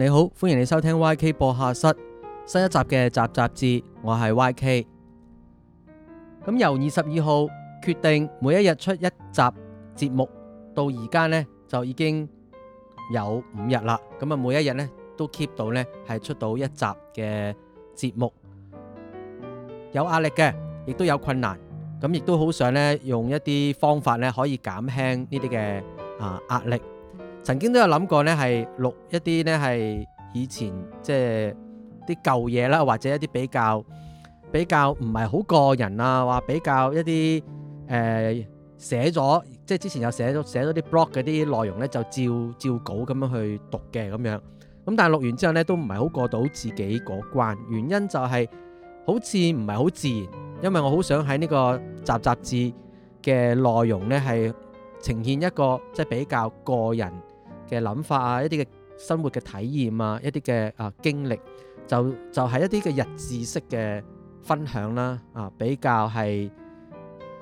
你好，歡迎你收聽 YK 播客室新一集嘅集集志，我係 YK。咁由二十二號決定每一日出一集節目，到而家呢，就已經有五日啦。咁啊，每一日呢，都 keep 到呢，係出到一集嘅節目，有壓力嘅，亦都有困難，咁亦都好想呢，用一啲方法呢，可以減輕呢啲嘅啊壓力。曾經都有諗過呢，係錄一啲呢係以前即係啲舊嘢啦，或者一啲比較比較唔係好個人啊，話比較一啲誒寫咗即係之前有寫咗寫咗啲 blog 嗰啲內容呢，就照照稿咁樣去讀嘅咁樣。咁但係錄完之後呢，都唔係好過到自己嗰關，原因就係好似唔係好自然，因為我好想喺呢個雜雜誌嘅內容呢係呈現一個即係比較個人。嘅諗法啊，一啲嘅生活嘅體驗啊，一啲嘅啊經歷，就就係一啲嘅日誌式嘅分享啦，啊比較係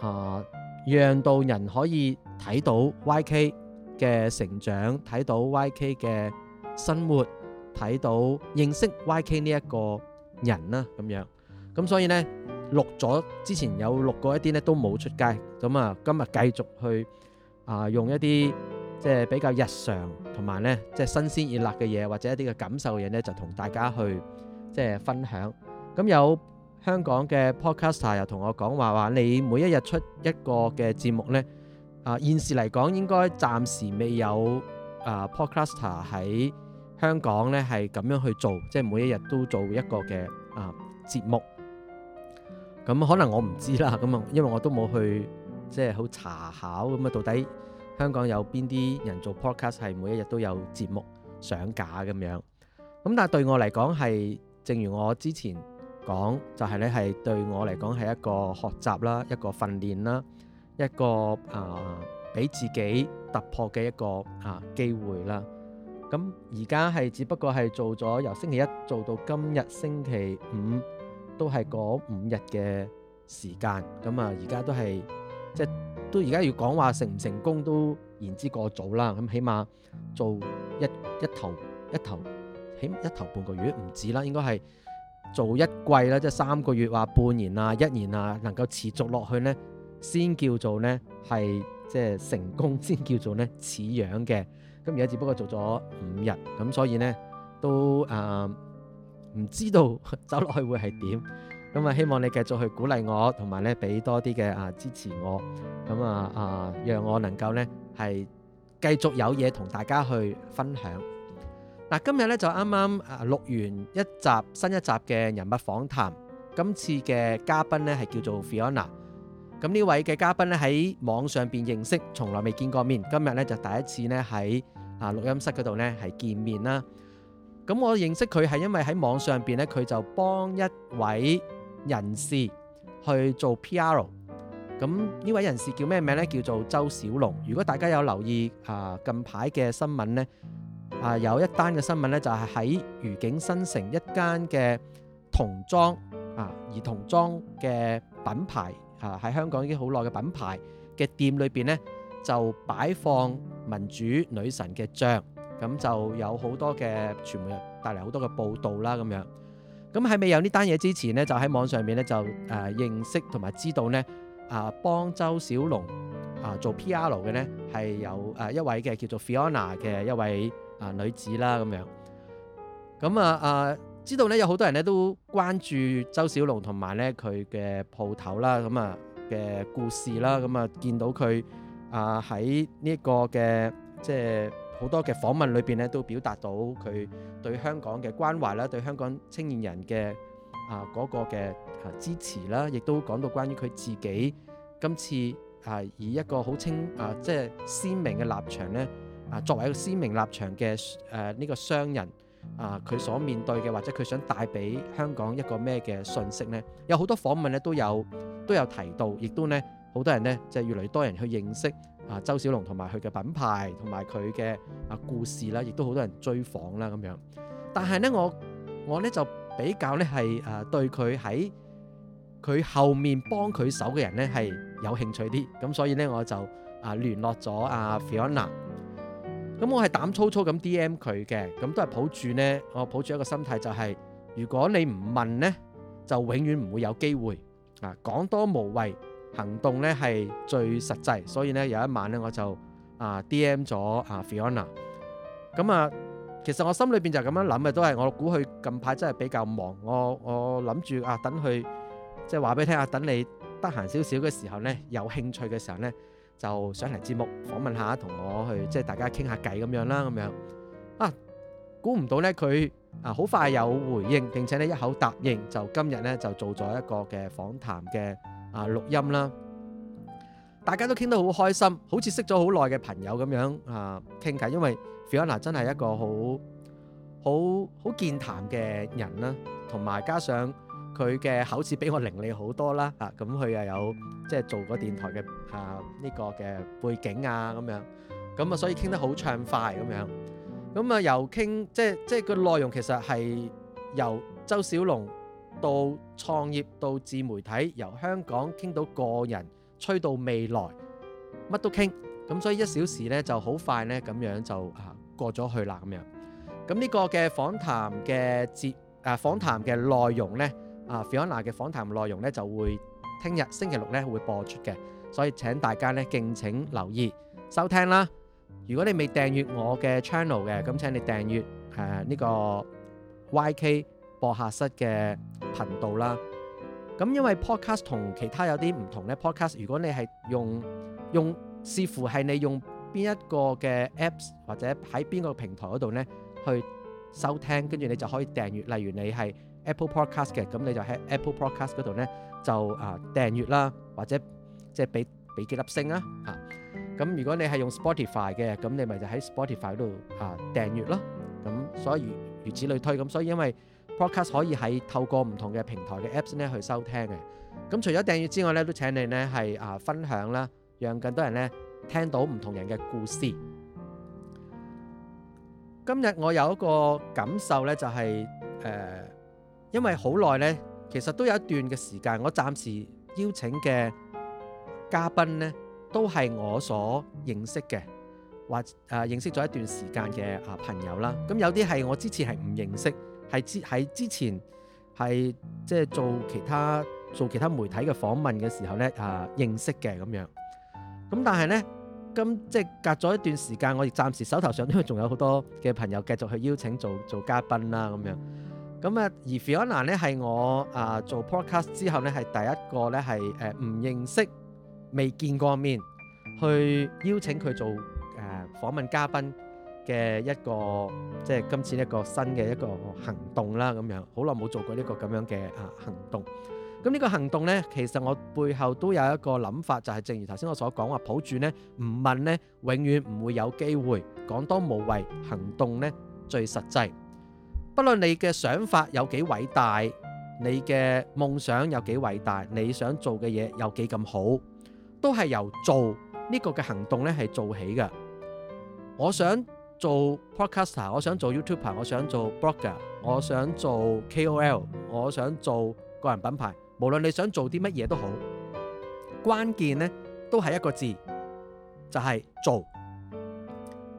啊，讓到人可以睇到 YK 嘅成長，睇到 YK 嘅生活，睇到認識 YK 呢一個人啦，咁樣，咁所以呢錄咗之前有錄過一啲呢都冇出街，咁啊今日繼續去啊用一啲。即係比較日常，同埋呢，即係新鮮熱辣嘅嘢，或者一啲嘅感受嘅嘢呢就同大家去即係分享。咁有香港嘅 podcaster 又同我講話話，你每一日出一個嘅節目呢，啊、呃、現時嚟講應該暫時未有啊、呃、podcaster 喺香港呢係咁樣去做，即係每一日都做一個嘅啊節目。咁可能我唔知啦，咁啊，因為我都冇去即係好查考咁啊，到底。香港有邊啲人做 podcast 係每一日都有節目上架咁樣？咁但係對我嚟講係，正如我之前講，就係咧係對我嚟講係一個學習啦，一個訓練啦，一個啊俾自己突破嘅一個啊機會啦。咁而家係只不過係做咗由星期一做到今日星期五，都係嗰五日嘅時間。咁啊，而家都係。即都而家要講話成唔成功都言之過早啦。咁起碼做一一一頭一頭起一頭半個月唔止啦，應該係做一季啦，即係三個月、話半年啊、一年啊，能夠持續落去呢，先叫做呢係即係成功，先叫做呢似樣嘅。咁而家只不過做咗五日，咁所以呢都誒唔、呃、知道走落去會係點。咁啊，希望你繼續去鼓勵我，同埋咧俾多啲嘅啊支持我，咁啊啊，讓我能夠咧係繼續有嘢同大家去分享。嗱，今日咧就啱啱錄完一集新一集嘅人物訪談。今次嘅嘉賓咧係叫做 Fiona。咁呢位嘅嘉賓咧喺網上邊認識，從來未見過面。今日咧就第一次咧喺啊錄音室嗰度咧係見面啦。咁我認識佢係因為喺網上邊咧佢就幫一位人士去做 PR，咁呢位人士叫咩名呢？叫做周小龍。如果大家有留意啊近排嘅新聞呢，啊有一單嘅新聞呢，就係喺愉景新城一間嘅童裝啊兒童裝嘅品牌啊喺香港已經好耐嘅品牌嘅店裏邊呢，就擺放民主女神嘅像，咁就有好多嘅傳媒帶嚟好多嘅報導啦咁樣。咁喺未有呢單嘢之前咧，就喺網上面咧就誒、呃、認識同埋知道咧啊，幫周小龍啊做 P.R. 嘅咧係有誒一位嘅叫做 Fiona 嘅一位啊、呃、女子啦咁樣。咁啊啊，知道咧有好多人咧都關注周小龍同埋咧佢嘅鋪頭啦，咁啊嘅故事啦，咁啊見到佢啊喺呢個嘅即係好多嘅訪問裏邊咧都表達到佢。對香港嘅關懷啦，對香港青年人嘅啊嗰個嘅啊支持啦，亦都講到關於佢自己今次啊、呃、以一個好清啊、呃、即係鮮明嘅立場咧啊，作為一個鮮明立場嘅誒呢個商人啊，佢、呃、所面對嘅或者佢想帶俾香港一個咩嘅訊息咧？有好多訪問咧都有都有提到，亦都咧好多人咧即係越嚟越多人去認識。啊，周小龍同埋佢嘅品牌，同埋佢嘅啊故事啦，亦、啊、都好多人追訪啦咁樣。但係呢，我我呢就比較呢係啊對佢喺佢後面幫佢手嘅人呢係有興趣啲。咁所以呢，我就啊聯絡咗、啊、Fiona。咁、啊、我係膽粗粗咁 DM 佢嘅，咁都係抱住呢，我抱住一個心態就係、係，如果你唔問呢，就永遠唔會有機會啊講多無謂。行動咧係最實際，所以咧有一晚咧我就啊 D.M. 咗啊 Fiona。咁啊，其實我心裏邊就咁樣諗嘅，都係我估佢近排真係比較忙。我我諗住啊，等佢即係話俾你聽啊，等你得閒少少嘅時候咧，有興趣嘅時候咧，就上嚟節目訪問下，同我去即係大家傾下偈咁樣啦。咁樣啊，估唔到咧佢啊好快有回應，並且咧一口答應，就今日咧就做咗一個嘅訪談嘅。啊錄音啦，大家都傾得好開心，好似識咗好耐嘅朋友咁樣啊傾偈，因為 Fiona 真係一個好好好健談嘅人啦，同埋加上佢嘅口齒比我伶俐好多啦，啊咁佢又有即係做過電台嘅啊呢個嘅背景啊咁樣，咁啊所以傾得好暢快咁樣，咁啊又傾即係即係個內容其實係由周小龍。到創業到自媒體，由香港傾到個人，吹到未來，乜都傾。咁所以一小時咧就好快咧咁樣就啊過咗去啦咁樣。咁呢個嘅訪談嘅節啊訪談嘅內容咧啊，Fiona 嘅訪談內容咧就會聽日星期六咧會播出嘅，所以請大家咧敬請留意收聽啦。如果你未訂閱我嘅 channel 嘅，咁請你訂閱誒呢個 YK 播客室嘅頻道啦，咁因為 podcast 同其他有啲唔同咧。podcast 如果你係用用，視乎係你用邊一個嘅 apps 或者喺邊個平台嗰度咧去收聽，跟住你就可以訂閱。例如你係 Apple Podcast 嘅，咁你就喺 Apple Podcast 嗰度咧就啊訂閱啦，或者即係俾俾幾粒星啊嚇。咁如果你係用 Spotify 嘅，咁你咪就喺 Spotify 度嚇訂閱咯。咁、啊、所以如此類推，咁所以因為。Podcast 可以喺透過唔同嘅平台嘅 apps 咧去收聽嘅。咁除咗訂閱之外咧，都請你咧係啊分享啦，讓更多人咧聽到唔同人嘅故事。今日我有一個感受咧，就係、是、誒、呃，因為好耐咧，其實都有一段嘅時間，我暫時邀請嘅嘉賓咧，都係我所認識嘅或啊認識咗一段時間嘅啊朋友啦。咁有啲係我之前係唔認識。係之喺之前係即係做其他做其他媒體嘅訪問嘅時候呢，啊認識嘅咁樣，咁但係呢，今即係隔咗一段時間，我亦暫時手頭上都仲有好多嘅朋友繼續去邀請做做嘉賓啦咁樣，咁啊而 Fiona 呢，係我啊做 podcast 之後呢係第一個呢係誒唔認識未見過面去邀請佢做誒訪、呃、問嘉賓。嘅一個即係今次一個新嘅一個行動啦，咁樣好耐冇做過呢個咁樣嘅啊行動。咁呢個行動呢，其實我背後都有一個諗法，就係正如頭先我所講話，抱住呢，唔問呢，永遠唔會有機會。講多無謂，行動呢最實際。不論你嘅想法有幾偉大，你嘅夢想有幾偉大，你想做嘅嘢有幾咁好，都係由做呢個嘅行動呢係做起嘅。我想做 Podcaster，我想做 YouTuber，我想做 Blogger，我想做 KOL，我想做個人品牌，無論你想做啲乜嘢都好，關鍵呢都係一個字，就係做。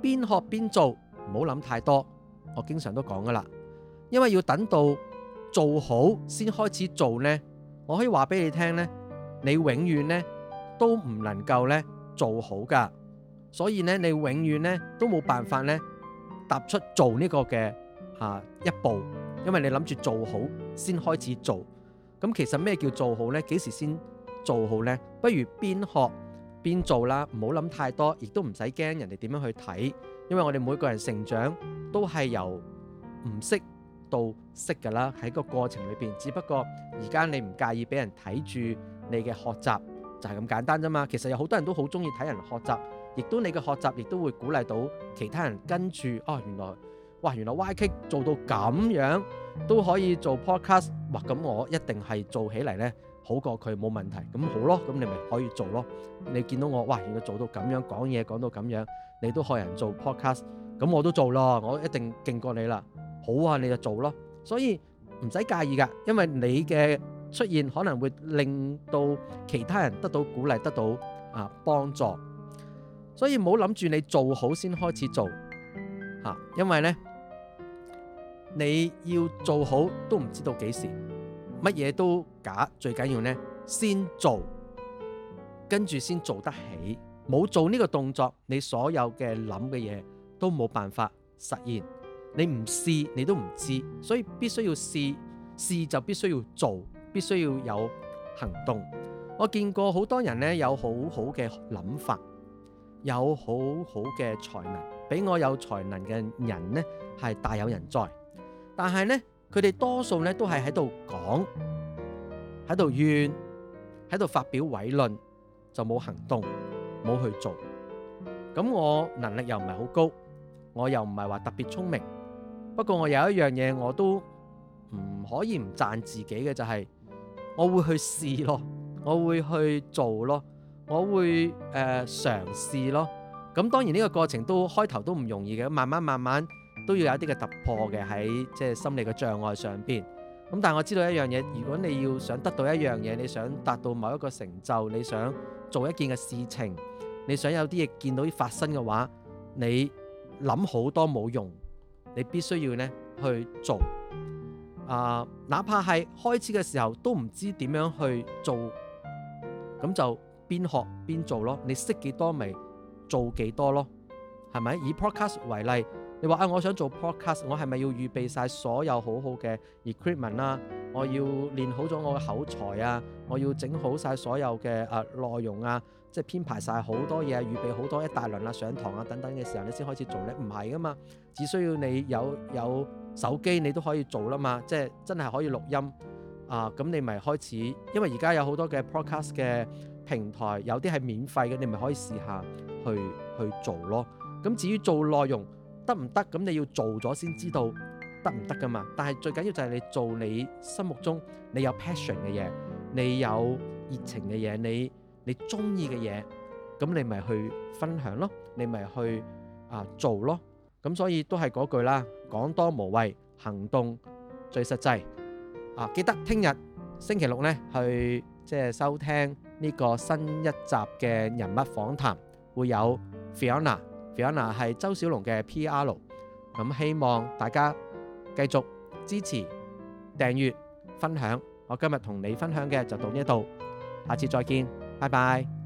邊學邊做，唔好諗太多。我經常都講㗎喇，因為要等到做好先開始做呢，我可以話俾你聽呢，你永遠呢都唔能夠呢做好㗎。所以咧，你永遠咧都冇辦法咧踏出做呢個嘅下一步，因為你諗住做好先開始做。咁其實咩叫做好呢？幾時先做好呢？不如邊學邊做啦，唔好諗太多，亦都唔使驚人哋點樣去睇，因為我哋每個人成長都係由唔識到識㗎啦，喺個過程裏邊。只不過而家你唔介意俾人睇住你嘅學習，就係咁簡單啫嘛。其實有好多人都好中意睇人學習。亦都你嘅學習，亦都會鼓勵到其他人跟住。哦，原來哇，原來 YK 做到咁樣都可以做 podcast，哇！咁我一定係做起嚟呢，好過佢冇問題。咁好咯，咁你咪可以做咯。你見到我哇，原來做到咁樣講嘢講到咁樣，你都學人做 podcast，咁我都做咯。我一定勁過你啦。好啊，你就做咯。所以唔使介意㗎，因為你嘅出現可能會令到其他人得到鼓勵，得到啊幫助。所以唔好諗住你做好先開始做，吓、啊，因為呢，你要做好都唔知道幾時，乜嘢都假，最緊要呢，先做，跟住先做得起。冇做呢個動作，你所有嘅諗嘅嘢都冇辦法實現。你唔試，你都唔知，所以必須要試，試就必須要做，必須要有行動。我見過好多人呢，有好好嘅諗法。有好好嘅才能，比我有才能嘅人呢，係大有人在。但係呢，佢哋多數呢，都係喺度講，喺度怨，喺度發表偉論，就冇行動，冇去做。咁我能力又唔係好高，我又唔係話特別聰明。不過我有一樣嘢我都唔可以唔讚自己嘅，就係我會去試咯，我會去做咯。我會誒、呃、嘗試咯。咁、嗯、當然呢個過程都開頭都唔容易嘅，慢慢慢慢都要有一啲嘅突破嘅喺即係心理嘅障礙上邊。咁、嗯、但係我知道一樣嘢，如果你要想得到一樣嘢，你想達到某一個成就，你想做一件嘅事情，你想有啲嘢見到啲發生嘅話，你諗好多冇用，你必須要呢去做啊、呃，哪怕係開始嘅時候都唔知點樣去做，咁就，邊學邊做咯，你識幾多咪做幾多咯，係咪以 podcast 為例？你話啊，我想做 podcast，我係咪要預備晒所有好好嘅 equipment 啊？我要練好咗我嘅口才啊，我要整好晒所有嘅誒、呃、內容啊，即係編排晒好多嘢，預備好多一大輪啊，上堂啊等等嘅時候，你先開始做呢？唔係噶嘛，只需要你有有手機，你都可以做啦嘛，即係真係可以錄音啊。咁、呃、你咪開始，因為而家有好多嘅 podcast 嘅。平台有啲係免費嘅，你咪可以試下去去做咯。咁至於做內容得唔得，咁你要做咗先知道得唔得㗎嘛。但係最緊要就係你做你心目中你有 passion 嘅嘢，你有熱情嘅嘢，你你鍾意嘅嘢，咁你咪去分享咯，你咪去啊做咯。咁所以都係嗰句啦，講多無謂，行動最實際啊！記得聽日星期六呢去即係收聽。呢個新一集嘅人物訪談會有 Fiona，Fiona 係周小龍嘅 PR。咁希望大家繼續支持、訂閱、分享。我今日同你分享嘅就到呢度，下次再見，拜拜。